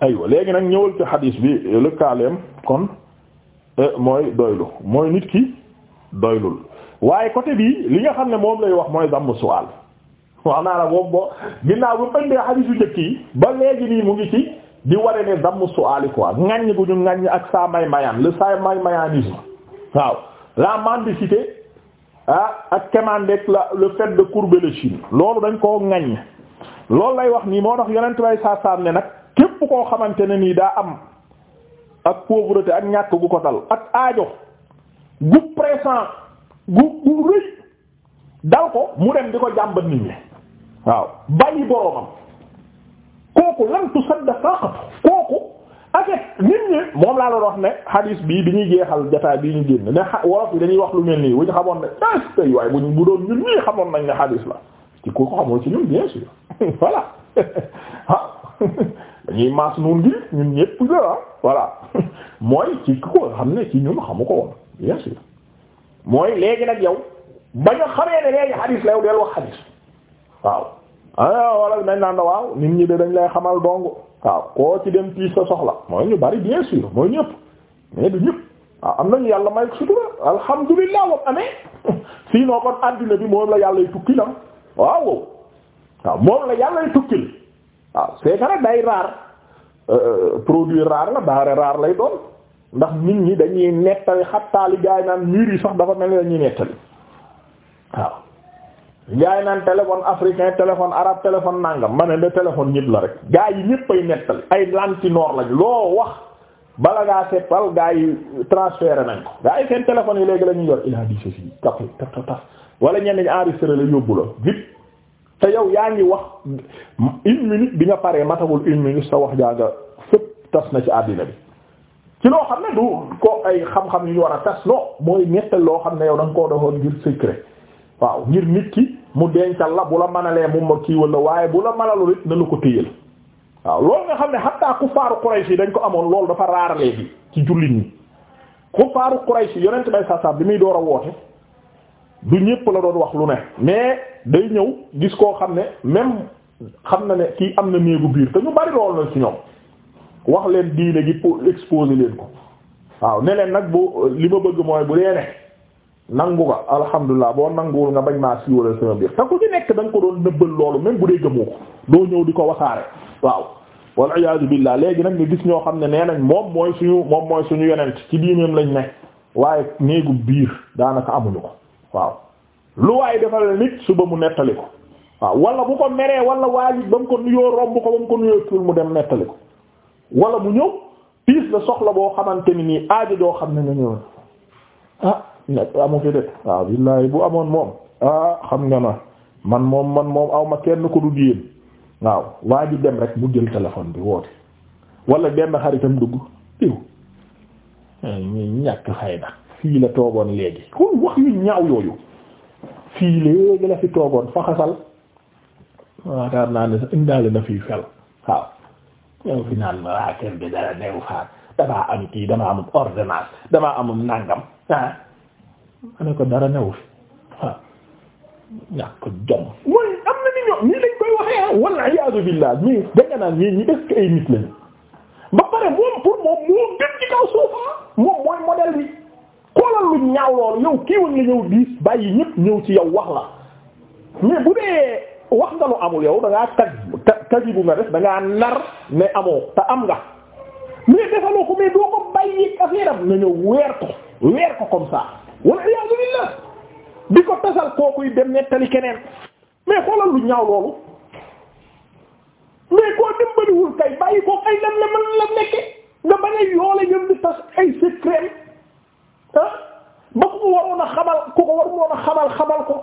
aywa léegi nag ñëwal ci xadiis bi lëkkaaleem kon eh, mooy doylu mooy nit ki doylul waaye côté bi li nga xam ne moom lay wax mooy damm suwaal wax naa la boobu boo ginnaaw bu ëndee xadiis yu njëkk yi ba léegi nii mu ngi ci di ware ne damm suwaali quoi ŋaññ bu ñu ŋaññ ak saa may mayaan le saa may mayanisme waaw la mendicité ah ak kemandek la le fait de courber l'échine loolu dañ koo ŋaññ loolu lay wax nii moo tax yonent bay saa saam ne nag képp koo xamante ne nii daa am ak pauvreté ak ñàkk gu ko dal ak aajo gu présent gu gu rëy dal ko mu dem di ko jàmbat nit ñi waaw bàyyi boroomam kooku lan tusadda saqatu kooku avec nit ñi moom laa doon wax ne hadis bi bi ñuy jeexal jotaay bii ñu génn ne wolof yi dañuy wax lu mel nii bu xamoon ne astay waaye bu ñu bu doon ñun ñii xamoon nañ ne hadis la ci ko xamoo ci ñun bien sûr voilà waaw ah. dañuy maas noonu gi ñun ñëpp la ah, voilà mooy ci ko xam ne ci ñun xamu ko woon bien sûr mooy léegi nag yow ba ñu xamee ne léegi xadiis la yow del wax xadiis waaw ah wala nañ naan waaw nit ñi de dañ lay xamal dong waaw koo ci dem tiis sa soxla mooy ñu bari bien sûr mooy ñëpp mais du waaw ah, am nañu yàlla may sutura alhamdulilah wam amee sinon kon addina bi moom la yàllay tukkil am waaw waaw moom la yàllay tukkil waaw c'est que day raar euh, euh, produit raar la daare raar lay doon ndax nit ñi dañuy nettali xattaali gaay naan mur yi sax dafa mel ni dañuy nettali waaw gaay naan téléphone africain téléphone arabe téléphone nangam ma ne de téléphone ñëpp la rek gaay yi ñëpp ay nettali ay lantinoor lañ loo wax bala ngaa seetal gaay yi transféré nañ ko gaay yi seen téléphone yi léegi lañuy yor il a dit ceci taf taf taf wala la yóbbu la te yow yaa ngi wax une minute bi nga paree matawul une minute sa wax jaa nga fépp tas na ci àddina bi ci loo xam ne du ko ay xam-xam yu ñu war a tas non mooy nettal loo xam ne yow da ko koo doxoon ngir secret waaw ngir nit ki mu dencal la bu la manalee mu ma kii wala waaye bu la manalul it na la ko téyal waaw loolu nga xam ne hatta kuffaaru Quraysh dañ ko amoon loolu dafa raar léegi ci jullit ñi kuffaaru Quraysh yonent bay sasam bi muy door a woote du ñépp la doon wax lu ne mais day ñëw gis koo xam ne même xam na ne kii am na néegu biir te ñu bari lool na ci ñoom wax leen diine gi pour exposer leen ko waaw ne leen nag bu li ma bëgg mooy bu dee ne nangu nga alhamdulilah boo nanguwul nga bañ maa siiwalal sama biir te ku ci nekk da ko doon nëbbal loolu même bu dee gëmoo ko doo ñëw di ko wasaare waaw wal iyaazu billaah léegi nag nga gis ñoo xam ne nee nañ moom mooy suñu moom mooy suñu yonent ci diineem lañ ne waaye néegu biir daanaka amuñu ko waaw lu waay defal nit suba mu nettali ko waaw wala bu ko meree wala waa ji ba mu ko nuyoo romb ko ba mu ko nuyoo tuul mu dem nettali ko wala mu ñëw piis la soxla boo xamante ni nii aajo doo xam ne nga ñëw ah nekk amu fi de waaw bu amoon moom ah nga ma moom aw ma kenn ko du yéen waaw waa ji dem rek mu jël téléphone bi woote wala benn xaritam dugg diw ñàkk fayda fii la toogoon léegi kon wax yu ñaaw yooyu fii léegi la fi toogoon faxasal waataar naa ne sax indaale na fii fel waaw ñëw fi naan waa kër bi dara neew faat damaa am kii damaa am ordonnance damaa amum nàngam ah ne ko dara newu fi waaw ñàkk jom mooy am na ni ñoom ñii lañ koy waxee ah wal iyaadu billah ñii danga naan ñii ñi est-ce ay nit ba pare moom pour moom moo gën ci kaw suufa ah. moom mooy modèle bi xoolal lu ñaaw loolu yow kii woon ñëw diis bàyyi ñëpp ñëw ci yow wax la mais bu dee wax nga lu amul yow da ngaa taj taji bu nga def da nar ne amoo te am nga mais defaloo ko mais doo ko bàyyi ko di ko tasal kay bàyyi ko la nekke nga bañ a yoole ñëm tas ay secret ba ku ko waroon a xamal ku ko waroon a xamal xamal ko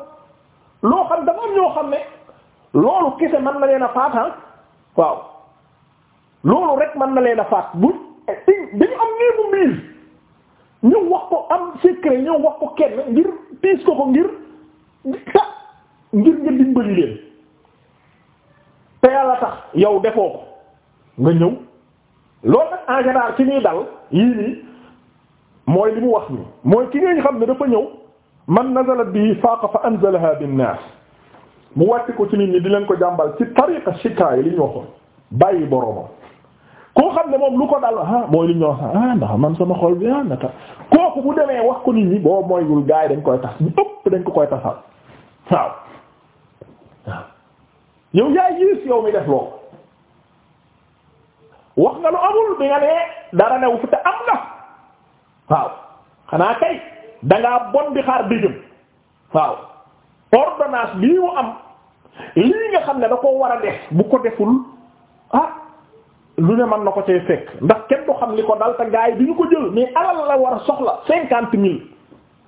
loo xam dafa ñoo xam ne loolu kese man na leen a faat waaw loolu rek mën na leen a faat bu eh, dañu am néegu mbiir ñu wax ko am secret ñëw wax ko kenn ngir tiis ko ko ngir ngir nga dimbali leen te yàlla tax yow defoo ko nga ñëw loolu nag en général ci ñuy dal yii nii mooy li mu wax nii mooy ki nga xam ne dafa ñëw man nazala bi faaqa fa anzalaha binnaas mu wàcc ko ci nit ñi di leen ko jàmbal ci tariqa shikaaya li ñu waxoon bàyyi boromam koo xam ne moom lu ko dal ah mooy li ñu wax ah man sama xol bi ah naka kooku bu demee wax ko nit ñi boo mooyul gaa dañ koy tas ñu ëpp dañ ko koy tasal waaw yow yaay gis yow mi def loolu wax nga lu amul bi nga nee dara new fu te am nga waaw xanaa kay dangaa bon bi xaar dëjëm waaw ordonnance bii mu am lii nga xam ne da koo war a def bu ko deful ah lu ne man na ko cay fekk ndax kenn du xam li ko dal te gaa bi du ñu ko jël mais alal la war a soxla cinquante mille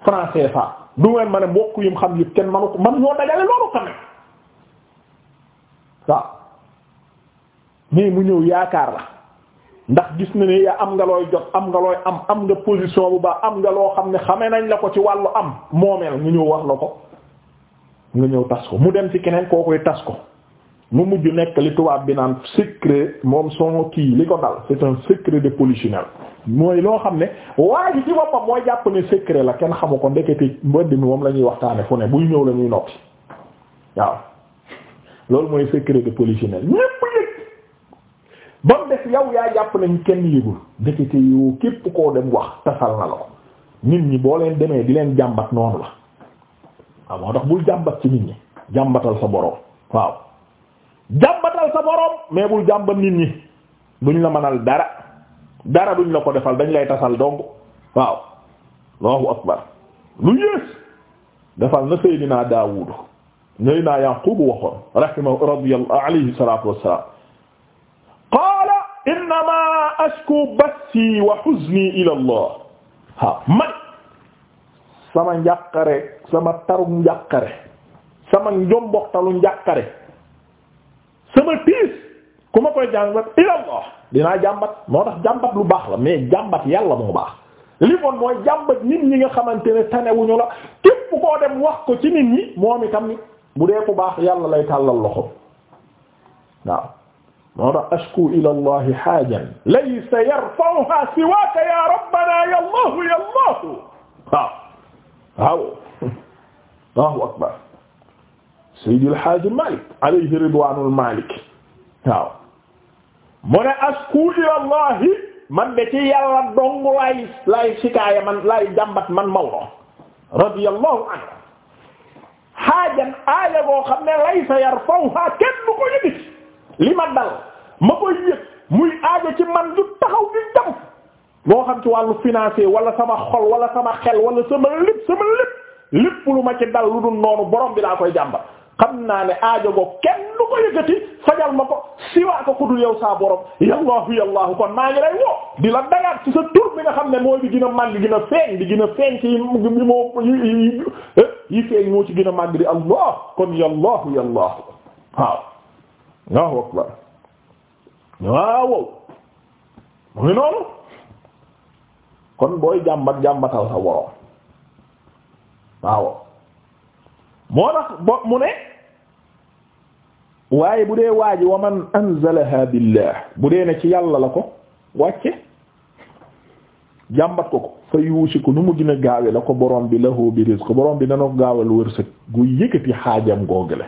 francs CFA du ngeen ma ne mbokk yi xam yëpp kenn manu ko man ñoo dajale loolu tamit waaw mais mu ñëw yaakaar la ndax gis na ne yaa am nga looy jot am nga looy am am nga position bu baax am nga loo xam ne xamee nañ la ko ci wàllu am moomeel nga ñëw wax la ko nga ñëw tas ko mu dem ci keneen koo koy tas ko mu mujj nekk li tubaab bi naan secret moom son kii li ko dal c'est un secret de polichinelle mooy loo xam ne waa ci boppam mooy jàpp ne secret la kenn xamu ko ndekete mbënd mi moom la ñuy waxtaane fu ne buy ñëw la ñuy noppi waaw loolu mooy secret de polichinelle ñépp ba mu def yow yaa jàpp nañ kenn yëgul ndekete yoo képp koo dem wax tasal na la ko nit ñi boo leen demee di leen jàmbat noonu la waaw moo tax bul jàmbat ci nit ñi jàmbatal sa boroom waaw jàmbatal sa boroom mais bul jàmbat nit ñi duñ la mënal dara dara duñ la ko defal dañ lay tasal donc waaw Allahu akbar lu yées defal na Seydina Daawudu Seydina Yaquub waxoon rahimahu radiyallahu alayhi salaatu wassalaam innama ashku bassi wa huzni ila Allah waaw man sama njàqare sama tarug njàqare sama njomboxtalu njàqare sama tiis ku ma koy jàmbat ila Allah dinaa jàmbat moo tax jàmbat lu baax la mais jàmbat yàlla moo baax li bon mooy jàmbat nit ñi nga xamante ne tanewuñu la képp koo dem wax ko ci nit ñi moom itam bu dee ku baax yàlla lay tàllal loxo waaw moo tax ashku ila allahi haajan laysa yarfa'uha siwaaka ya rabbana ya allah ya allah waaw waaw allahu akbar sayyid al haaj malik alayhi ridwaanul malik waaw mu ne ashku ila allahi man de ci yàlla dong laay laay sikaaya man laay jàmbat man mawlo radiyallahu anhu haajan aaya boo xam ne laysa yarfa'uha kenn du ko yëgit li ma dal ma koy yëg muy aajo ci man du taxaw xam ci wàllu financier wala sama xol wala sama xel wala sama lépp lépp lépp ma ci bi laa koy jàmba xam naa ne aajo go kenn du ko yëkkati fajal ma ko yow saa borom yallaahu yallaahu kon maa ngi lay woo di la dagaat ci bi nga xam ne moo bi gën a màgg di gën a feeñ di gën a feeñ ci yi yi feeñ moo ci gën a màgg di allah kon yallaahu yallaahu waaw waaw waaw mu ngi noonu kon booy jàmbat jàmbatal sa woroom waaw moo tax bo mu ne waaye bu dee waaji wa man anzalaha billah bu dee ne ci yàlla la ko wàcce jàmbat ko ko fa yuusiku nu mu gën a la ko borom bi lahu bi rizq borom bi dana ko gaawal wërsëg gu yëkkati xaajam googale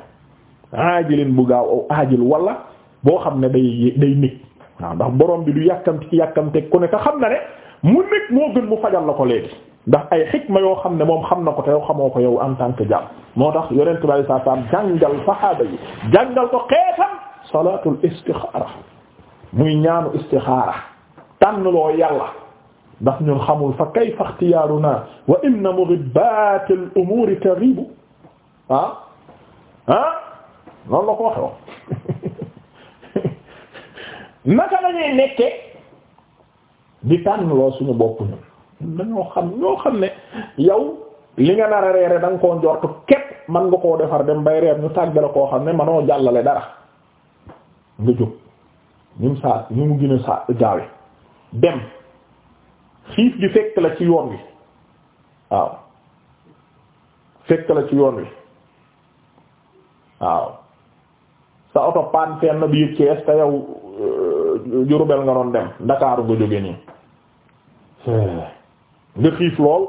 aajilin bu gaaw aw aajil wala boo xam ne day day nég waaw ndax borom bi du yàkkamti ci yàkkamte ku ne xam na ne mu nég moo gën mu fajal la ko léegi ndax ay xikma yoo xam ne moom xam na ko te yow xamoo ko yow en tant que jàmm moo tax yonent bi saa saam jàngal saxaaba yi jàngal ko xeetam salaatul istixaara muy ñaanu istixaara loo yàlla ndax ñun xamul fa kayfa ixtiyaaruna wa inna mughibbatil umuuri taghibu ah ah noonu la ko waxee naka lañuy nekke di tànn loo suñu bopp ñun dañoo xam ñoo xam ne yow li nga nar a reere da nga koo njort képp man nga koo defar dem bay reer ñu tàggale koo xam ne manoo jàllale dara nga jóg ñu mu saa ñu mu gën saa gaawe dem xiif gi fekk la ci yoon wi waaw fekk la ci yoon wi waaw sa oto paan fenn bi Cees te yow euh, Jurbel nga doon dem Ndakaaru nga jóge nii nga xiif lool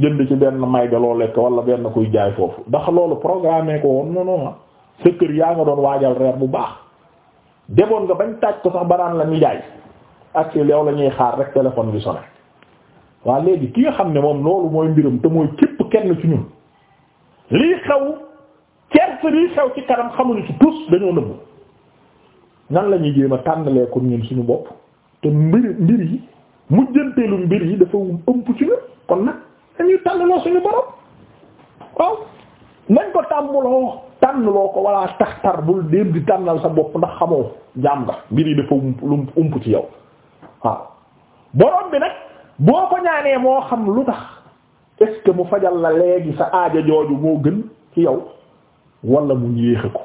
jënd ci benn may ga loo lekk wala benn kuy jaay foofu ndax loolu programme ko woon noonu sa kër yaa nga doon waajal reer bu baax demoon nga bañ taaj ko sax baraan la ñuy jaay ak si yow la ñuy xaar rek téléphone bi sonné waa léegi ki nga xam ne moom loolu mooy mbiram te mooy képp kenn ci ñun lii xew certes lii xew ci kanam xamuñu ci tous dañoo nëbbu. nan la ñuy a tànnalee ko ñun suñu bopp te mbir mbir yi mujjanteelu mbir yi dafa ëmp ci ñu kon nag dañuy tànnaloo suñu borom waaw nañ ko tàmbuloo tànnaloo ko walla tax tar bul dem di tànnal sa bopp ndax xamoo jaam nga mbir yi dafa ump ump ci yow waaw borom bi nag boo ko ñaanee moo xam lu tax est mu fajal la léegi sa aaja jooju moo gën ci yow wala mu yéexe ko.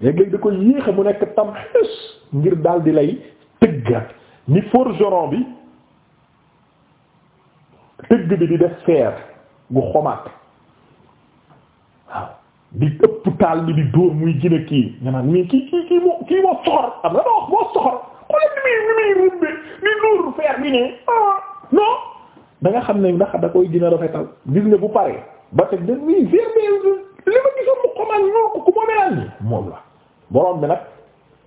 léeg-léeg da ko yéexe mu nekk tam xis ngir daal di lay tëgga ni forgeron bi tëgg bi di def fer gu xomaat waaw di ëpp taal bi di dóor muy gën kii nga naan mii kii kii moo kii moo soxor am nga na wax moo soxor xoolal ni muy ni muy rumbe ni dóor fer bi ne ah non da xam ne ndax da koy gën a gis nga bu paree ba teg da li ma gisoon mu xomaat ñoo moom la borom bi nag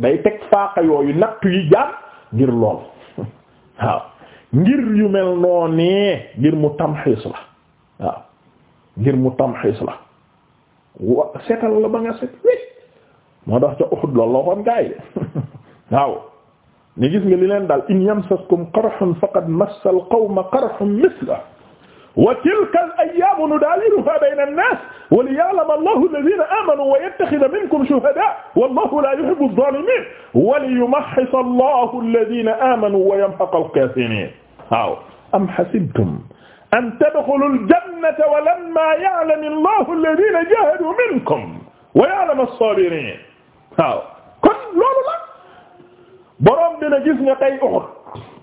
day teg faaqa yooyu nattu yi jaar ngir lool waaw ngir yu mel noonee ngir mu tamxiis la waaw ngir mu tamxiis la wa setal la ba nga set wécc moo tax ca Uhud loolu la waxoon gars de waaw ni gis nga li leen daal in yamsaskum qarhun faqad massal qawma qarhun mislahu wa tilka al-ayyaamu nudaawiluhaa bayna an-naas wa liya'lama Allahu allaziina aamanuu wa yattakhidha minkum shuhadaa' wallaahu laa yuhibbu adh-dhaalimiin wa liyumahhisa Allahu allaziina aamanuu wa yamhaqa al-kaafiriin waaw am hasibtum an tadkhulul jannata wa lammaa ya'lami Allahu allaziina jaahaduu minkum wa ya'lama as-saabiriin waaw kon loolu la boroom dina gis nga tey Uhud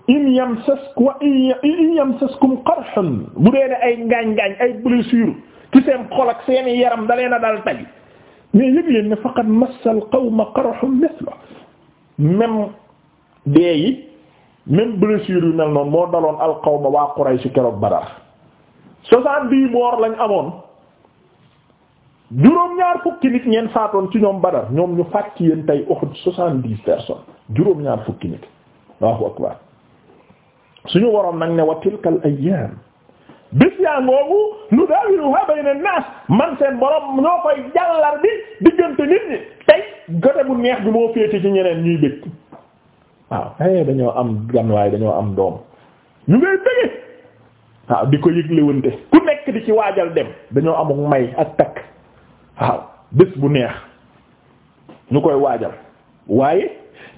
in yamsaskum wa in bu dee ne ay ngaañ-ngaañ ay blessure ci seen xol ak seen yaram da leen a dal tey mais yëg leen ne faqad massal qawma qarhun mithla même dee yi même blessure yu mel noonu moo daloon al qawma waa Quraysh keroog Badar soixante-dix morts lañ amoon juróom-ñaar fukki nit ngeen faatoon ci ñoom Badar ñoom ñu faat ci yéen tey Uhud soixante-dix personnes juróom-ñaar fukki nit Allahu akbar suñu woroom nag ne wa tilkal ayyam bis yaa ngoogu nu daawiluha bayna naas man seen borom ñoo koy jàllar diggante nit ñi tey gote bu neex bi moo féete ci ñeneen ñuy bëgg waaw eh dañoo am gan waaye dañoo am doom ñu ngay bëgge waaw di ko yëglewante ku nekk di ci waajal dem dañoo amuk may ak takk waaw bés bu neex ñu koy waajal waaye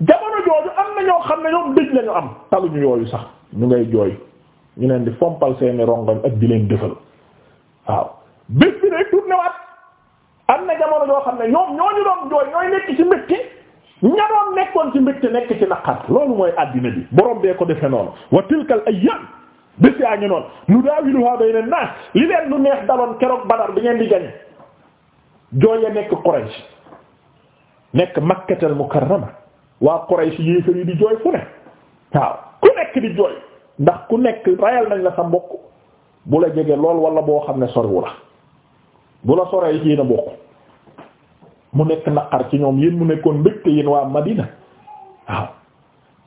jamono jooju am na ñoo xam ne ñoom dëj lañu am taluñu yooyu sax ñu ngay jooy ñu leen di fompal seeni rongoñ ak di leen defal waaw bés bi day tourné waat am na jamono yoo xam ne ñoom ñoo ñu doon jooy ñooy nekk ci mbégte ña doon nekkoon ci mbégte nekk ci naqar loolu mooy àddina bi borom bee ko defee noonu wa tilkal ayyam bés yaa ngi noonu nu daawiluha bayna nas li leen lu neex daloon keroog badar bi ngeen di gañ jooy ya nekk Quraysh nekk makkatal mukarrama waa Quraysh yéefar yi di jooy fu ne waaw ku nekk di jooy ndax ku nekk rayal nañ la sa mbokk bu la jege lool wala boo xam ne soriwu la bu la soree ci na bokk mu nekk naqar ci ñoom yéen mu nekkoon mbégte yéen waa Madina waaw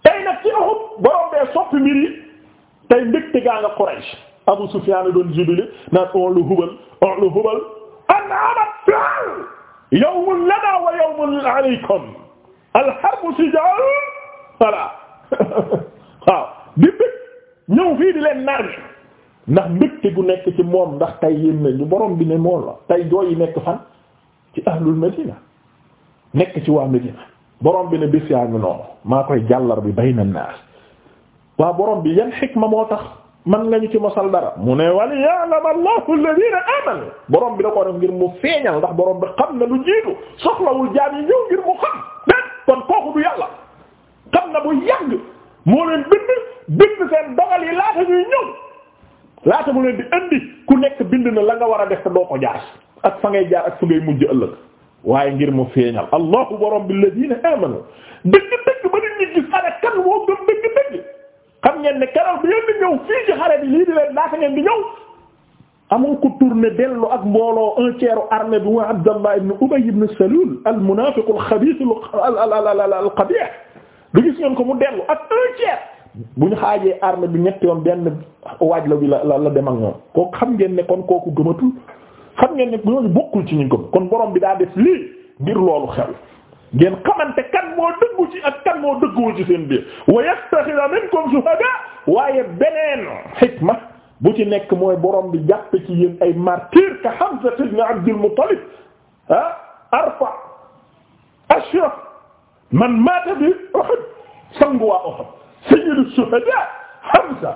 tey nag ci Uhud borom bee soppi mbir yi tey mbégte gaa nga Quraysh Abu Sufyaan doon jubile naan on lu hubal on lu hubal an amat fial yawmun lana wa yawmun alaykum al harbu sijal voilà waaw di bëgg ñëw fii di leen nar ndax mbégte gu nekk ci moom ndax tay yéen na ñu borom bi ne moom la tay jooy yi nekk fan ci ahlul madina nekk ci waa madina borom bi ne bis yaa ngi noonu maa koy jàllar bi bayna naas waa boroom bi yan xikma moo tax man nga ñu ci mosal dara mu ne wal ya'lam allahu alladhina amanu borom bi da ko def ngir mu feeñal ndax boroom bi xam na lu jiitu soxlawul jaam yi ñëw ngir mu xam kon kooku du yàlla moo leen bind bind seen dogal yi laata ñuy ñëw laata mu leen di indi ku nekk bind na la nga war a def te doo ko jaar ak fa ngay jaar ak fu ngay mujj ëllëg waaye ngir mu feeñal allahu borom bi ladina amanu dëgg dëgg ba nit ñi gis ana kan moo gëm dëgg dëgg xam ngeen ne keroog bi ngeen di ñëw fii ci xare bi lii di leen laata ngeen di ñëw amul ko tourné dellu ak mbooloo un tiers armée bi wa Abdallah ibn Ubay ibn Salul al munaafiq al xabiis al al al al al al qabih du gis ngeen ko mu dellu ak un bu ñu xaajee arme bi ñetti yoon benn waaj la bi la la dem ak ñoom koo xam ngeen ne kon kooku gëmatul xam ngeen ne ñooñu bokkul ci ñu gëm kon boroom bi daa def lii ngir loolu xew ngeen xamante kan moo dëggu ci ak kan moo dëgguwul ci seen biir wa yattakhidha minkum shuhada waaye beneen hikma bu ci nekk mooy boroom bi jàpp ci yéen ay martyr ka Hamza ibn Abdul Muttalib ah arfa man maata bi Uhud sangu waa Uhud sayyidu shuhadaa Hamza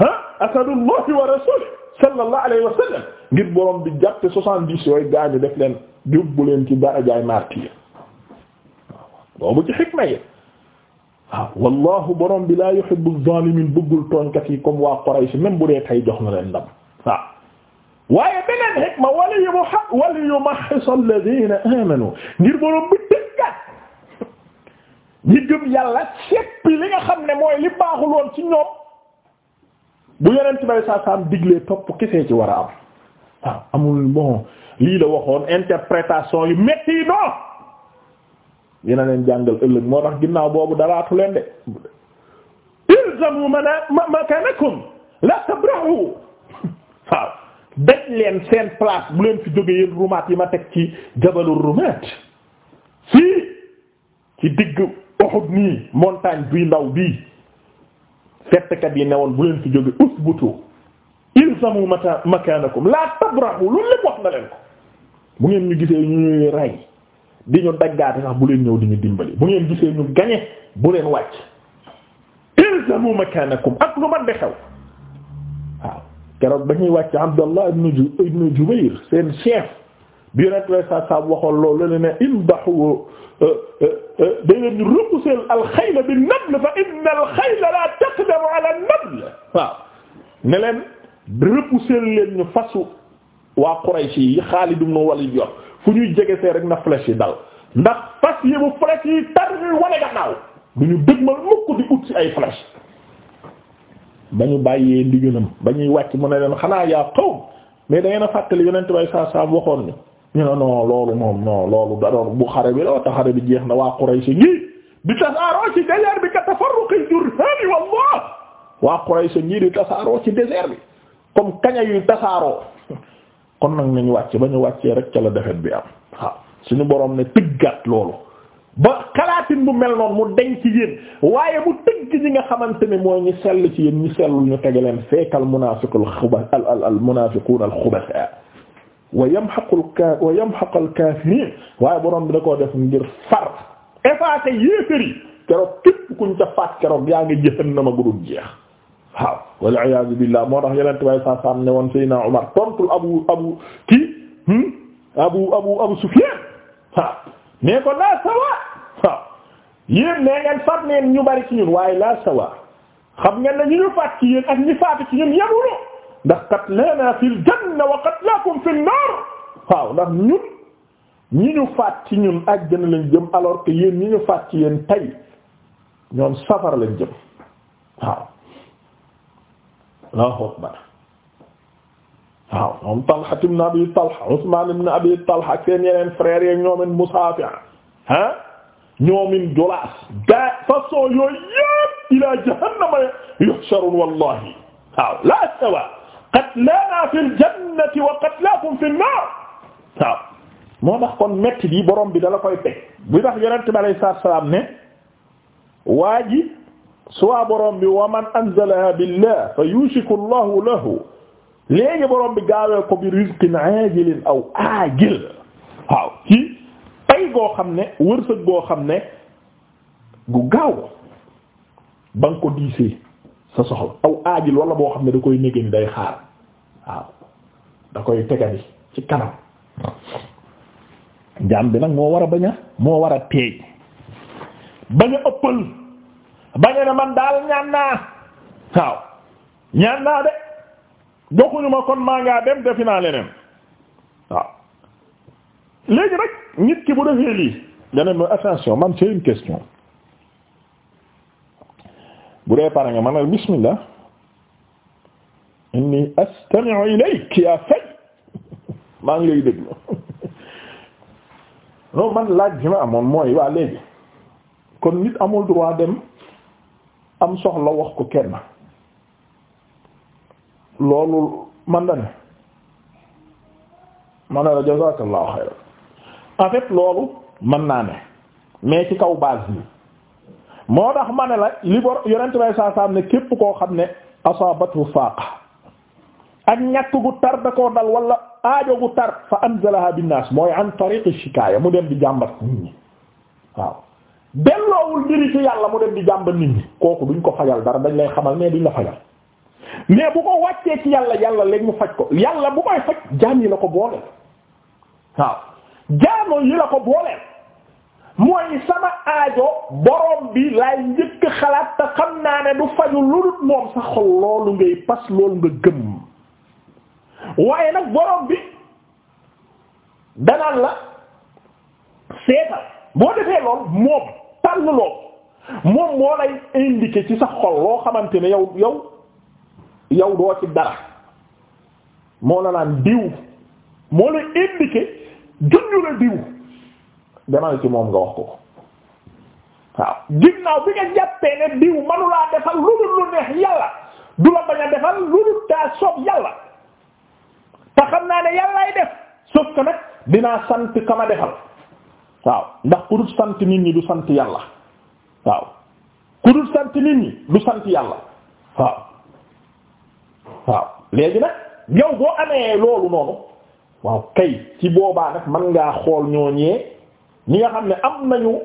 ah asadullahi wa rasuulihi sallallahu alayhi wa sallam ngir borom bi jàppe soixante-dix yooyu gaañu def leen yóbbu leen ci darajaay martyr waaw boobu ci xikma yi waaw ah, wallahu borom bi laa yuhibbu adh-dhaalimiin bëggul tooñkat yi comme waa Quraysh même bu dee tay jox na leen ndam waaw ah. waaye beneen xikma wali yu ma wali yu ma xis alladhiina aamanuu ngir borom bi dëggaat ñi gëm yàlla seppi li nga xam ne mooy li baaxul ci ñoom bu yonent bay saa saam diglee topp kese ci war a am waaw amul bon lii la waxoon interprétation yu metti yi non dina leen jàngal ëllëg moo tax ginnaaw boobu dalaatu leen de ilzamu mana makanakum la tabrahu waaw daj leen seen place bu leen fi jóge yéen rumaat yi ma teg ci jabalul rumaat fii Uhud nii montagne bii ndaw bii fettkat yi ne woon bu leen fi jóge usbutu ilzamu makaanakum la tabrahu loolu lépp wax na leen ko bu ngeen ñu gisee ñuy rey di ñu daggaate sax bu leen ñëw di ñu dimbali bu ngeen gisee ñu gañe bu leen wàcc ilzamu makaanakum ak lu man de xew waaw keroog ba ñuy wàcc Abdallah ibn Jubayr seen chef bi yonent lay sa saab waxoon loolu la ne imdahu euh, euh, euh, day leen ñu repousser alxayla bi nabl fa inna alxayla la taqdamu ala nabl waaw ne leen repousser leen ñu fasu waa Quraysh yi Xaalid ibn Walid yor fu ñuy jege see rek na flèche yi dal ndax fas yi bu flèche yi tar ñuy wane gannaaw du ñu dëgmal mukk di ut ci ay flèche ba bàyyee ndigalam ba ñuy wàcc mu ne leen xanaa yaa qawm mais da ngeen a fàttali yonent bay saa saa waxoon ni ñu loolu moom non loolu da bu xare bi la te xare bi jeex na waa Quraysh ngi di tasaaroo ci désert bi ka tafarruqi durhami wallah waa Quraysh ngi di tasaaroo ci désert bi comme kaña yu tasaaroo kon nag nañu wàcc ba ñu wàccee rek ca la defet bi am suñu borom ne tëggaat loolu ba xalaatin bu mel noonu mu deñ ci waaye mu tëgg ñi nga xamante ne mooy ñi sell ci yéen ñi sellul ñu tege leen feekal munaafiqul xuba al al al al xubasa wa yamhaqul ka wa yamhaqul kaafiriin waaye borom bi da koo def ngir far effacer yéefar yi keroog képp kuñ ca faat keroog yaa ngi jahannama gudul jeex waaw wal iyaazu billaah moo tax yeneen tubaab saa ne woon Seydina Omar tontul abu abu kii hmm? abu abu abu Sufyaan nee ko laa sawa waaw nee ngeen faat neen ñu bari ci ñun waaye laa sawa xam ngeen ne ñu ñu ci yéen ak ñi ndax qatlaana fil janna wa qatlaakum fin naar waaw ndax ñun ñi ñu faat ci ñun àjjana lañ ci yéen tey ñoom lañ jëm waaw Allahu Abi Talha Usman ibn Abi ah, Julaas da façon yooyu ila jahannama yuhsharun wallahi la sawa qatlana fil jannati waaw moo tax kon metti bi borom bi dala koy teg bu tax yonent bi alayhi salaam ne waa suwaa borom bi wa man anzalaha fa yushiku allahu lahu léegi borom bi gaawee ko bi rizqin aajilin aw aajil waaw ci pay goo xam ne wërsëg goo xam ne gu gaaw ba nga ko diisee sa soxla aw aajil wala boo xam ne da koy néega ni day xaar waaw da koy tegani ci kanam jaam bi nag moo war a bañ moo war a teey bañ a ëppal bañ ne man daal ñaan naa waaw ñaan naa de joxuñu ma kon maa ngaa dem defi naa leneen waaw léegi rek nit ki bu defee lii nga ne mais attention man c'est une question bu dee pare nga man a bismillah inni astami'u ilayk yaa fay maa ngi lay déglu non man laaj bi ma amoon mooy waa léegi kon nit amul droit dem am soxla wax ko kenn loolu man la ne man la jazakallahu xayran en fait loolu mën naa ne mais ci kaw base bi moo tax ma ne la li bor yonent bay saa ne képp koo xam ne asaabatu faaqa ak ñàkk gu tar da koo dal wala aajo gu tar fa anzalaha binnaas mooy an tariq shikaaya mu dem di jàmbat nit ñi waaw delloowul diri ci yàlla mu dem di jàmbat nit ñi kooku duñ ko fajal dara dañ lay xamal mais duñ la fajal mais bu ko wàccee ci yàlla yàlla léegi mu faj ko yàlla bu koy faj jaam yi la ko booleel waaw jaamo yi la ko booleel mooy sama aajo borom bi laay njëkk xalaat te xam naa ne du faju lu dul moom sax loolu ngay pas loolu nga gëm waaye nag boroom bi danaan la seetal boo defee lool moom tànn loo moom moo lay indiqué ci sax xol loo xamante ne yow yow yow doo ci dara moo la naan diw moo lay indiqué junñu la diw demal ci moom nga wax ko waaw ginnaaw bi nga jàppee ne diw manulaa defal lu dul lu neex yàlla du la bañ a defal lu dul daa soob yàlla xam naa ne yàllaay def sauf que nag dinaa sant kama defal waaw ndax ku dul sant nit ñi du sant yàlla waaw ku dul sant nit ñi du sant yàlla waaw waaw léegi nag yow boo amee loolu noonu waaw kay ci boobaa nag mën ngaa xool ñooñee ñi nga xam ne am na ñu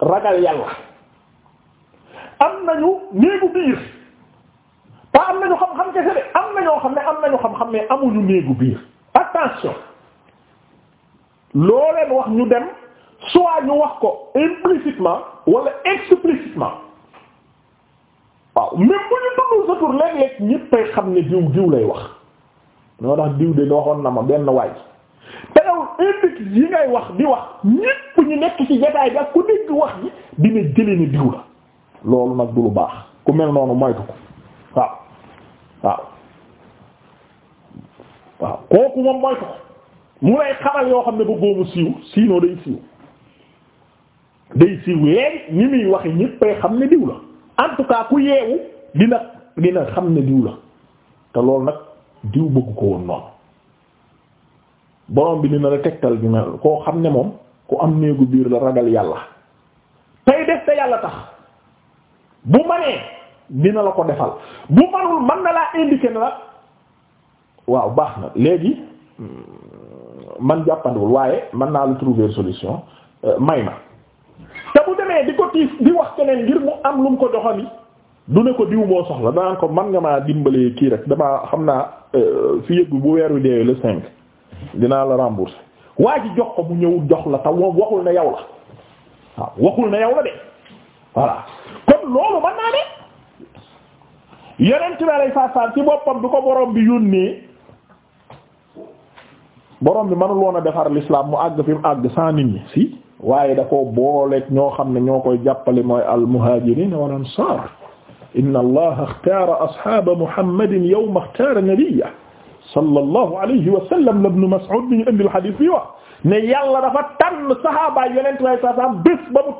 ragal yàlla am nañu néegu biir te am nañu xam-xam kese am na ñoo xam xam-xam mais amuñu néegu biir attention loo wax ñu dem soit ñu wax ko implicitement wala explicitement waaw même bu ñu tuddul sa tur léeg-léeg ñéppay xam ne diw diw lay wax ñoo tax diw de waxoon na ma benn waay te yow indice yi ngay wax di wax ñépp ñu nekk ci jotaay bi ku dégg wax ji dina jëlee diw la loolu nag du lu baax ku mel noonu moytu ko. waaw waaw waaw kooku moom mooy ko mu lay xamal yoo xam ne ba boobu siiw siinoo day siiw day siiw léegi ñi muy waxe ñéppay xam ne diw la en tout cas ku yeewu dina dina xam ne diw la te loolu nag diw bëgg ko woon noonu borom bi dina la tegtal koo xam ne moom ku am néegu biir la ragal yàlla tey def te yàlla tax bu manee dina la ko defal bu manul mën na laa indiquer na la waaw baax na léegi man jàppandiwul waaye man naa lu trouver solution euh, may ma te bu demee di ko tiif di wax keneen ngir mu am lu mu ko joxali du ne ko diw moo soxla danaan ko man nga maa dimbalee kii rek damaa xam naa euh, fi yëggu bu weeru wi deewee le cinq dinaa la rembourser waa ji jox ko mu ñëw jox la te waxul na yow la waaw waxul na yow la de voilà kon loolu mën naa de yeneen bi alay saa saam ci boppam du ko borom bi yónnee borom bi mënul woon a defar l'islam mu àgg fi mu àgg sans nit ñi si waaye da koo booleeg ñoo xam ne ñoo koy jàppale mooy al muhajirin wal ansar inna allaha ixtaara ashaaba muhammadin yawma ixtaara nabiyya sallallahu alayhi wa sallam la ibn mas'ud bi ñu indi hadith bi wax ne yàlla dafa tànn sahaaba yonent bi alay saa saam bés ba mu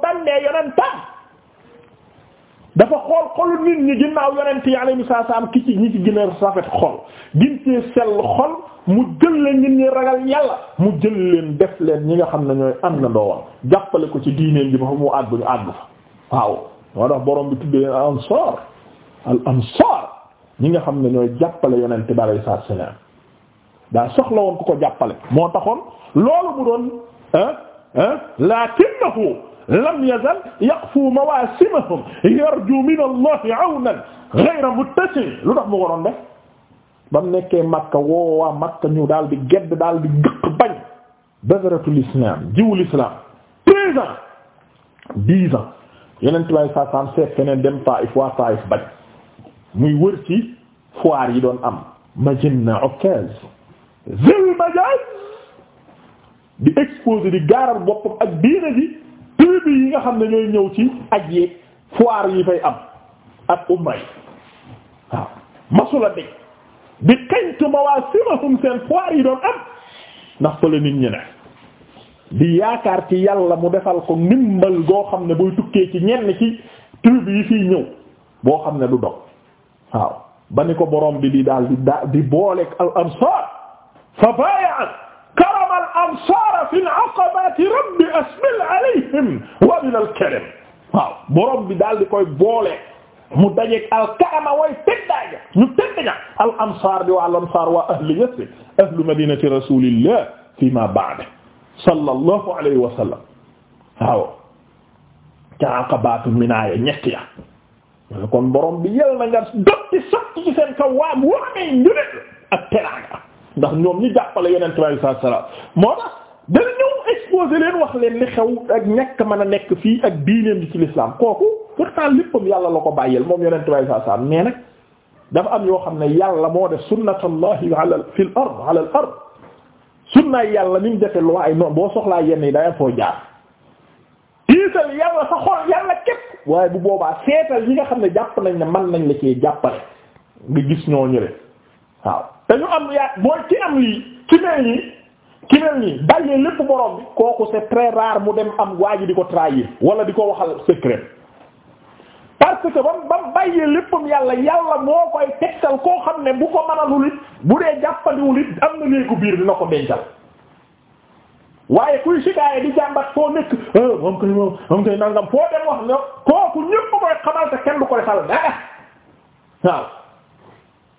dafa xool xolu nit ñi ginnaaw yonent yi alayhi salaam ki ci ñi ci gën a rafet xol gin cee sell xol mu jël leen nit ñi ragal yàlla mu jël leen def leen ñi nga xam ne ñooy am na ndoowam jàppale ko ci diineen bi ba fa mu àgg ñu fa waaw moo tax borom bi tuddee al al ansar ñi nga xam ne ñooy jàppale yonent bi alayhi salaam daa soxla woon ko ko jàppale moo taxoon loolu mu doon ah ah lakinnahu lam yazal yaqfu mawasimahum yarju min allahi awnan ghayra lu tax mu waroon def ba mu nekkee Makka woo Makka ñu daal di gedd daal di gëq bañ bazaratul islam jiwul islam treize ans dix ans yeneen tubaab saa saam seet feneen dem Taif waa Taif bañ muy wër ci yi doon am Majinna Okaz Zil Majaz di exposer di gaaral boppam ak diina tribu yi nga xam ne ñooy ñëw ci aj yi foire yi fay am ak umra yi waaw masula dëj bi xentu ma waa simahum seen foire yi doon am ndax fële nit ñi ne di yaakaar ci yàlla mu defal ko ndimbal goo xam ne buy tukkee ci ñenn ci tribu yi fiy ñëw boo xam ne du dog waaw ba ni ko borom bi di daal di daal di booleek al ansar fa bayaat karama al absar fi al aqabati rabbi asbil alayhim wa min al karam waaw borom bi daal di koy boole mu dajeeg al karama way tëddaaja ñu tëddaaja al ansar bi waa al ansar waa ahli yasrib ahlu madinati rasulillah fi ma ba'da sallallahu alayhi wa sallam waaw ca aqabatu minaaya ñett ya kon borom bi yel na nga dotti sotti ci seen kaw waam waamee njureel ak teraanga ndax ñoom ñu jàppale yonent bi sallallahu alayhi wasallam moo tax dana ñëw exposé leen wax leen li xew ak ñàkk mën a nekk fii ak diineem bi ci l'islam kooku pourtant léppam yàlla la ko bàyyil moom yonent bi sallallahu alayhi wasallam mais nag dafa am yoo xam ne yàlla moo def sunnatullahi ala fi l ard ala al ard sunnaay yàlla ni mu defee lu ay noonu boo soxlaa yenn yi daya foo jaar tiital yàlla sa xol yàlla képp waaye bu boobaa seetal yi nga xam ne jàpp nañ ne mën nañ la cee jàppale nga gis ñooñu rek dañu am yaa mooy ci am lii ki mel nii ki nii bàyyee lépp borom bi kooku c'est très rare mu dem am waa ji di ko trahir wala di ko waxal secret parce que ba bàyyee léppam yàlla yàlla moo koy tegtal koo xam ne bu ko mënalul it bu dee jàppandiwul it am na néegu biir dina ko dencal waaye kuy sikaaye di jàmbat foo nekk ah, moom koy moom moom nangam foo dem wax ne kooku ñépp koy xamal te kenn du ko defal dara waaw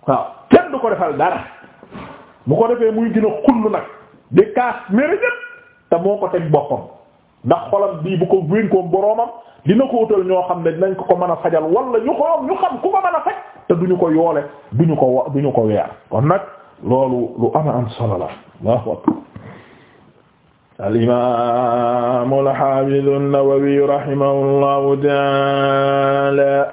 waaw kenn du ko defal dara bu ko defee muy gën a xull nag di kaas mere te moo ko teg boppam ndax xolam bii bu ko wénkoon boroomam dina ko utal ñoo xam ne nañ ko ko mën a fajal wala ñu xorom ñu xam ku ko mën a faj te duñu ko yoole duñu ko ko weer kon nag loolu lu ama am solo la Allahu akbar al-imaam al-haafiz an-Nawawi rahimahullahu ta'ala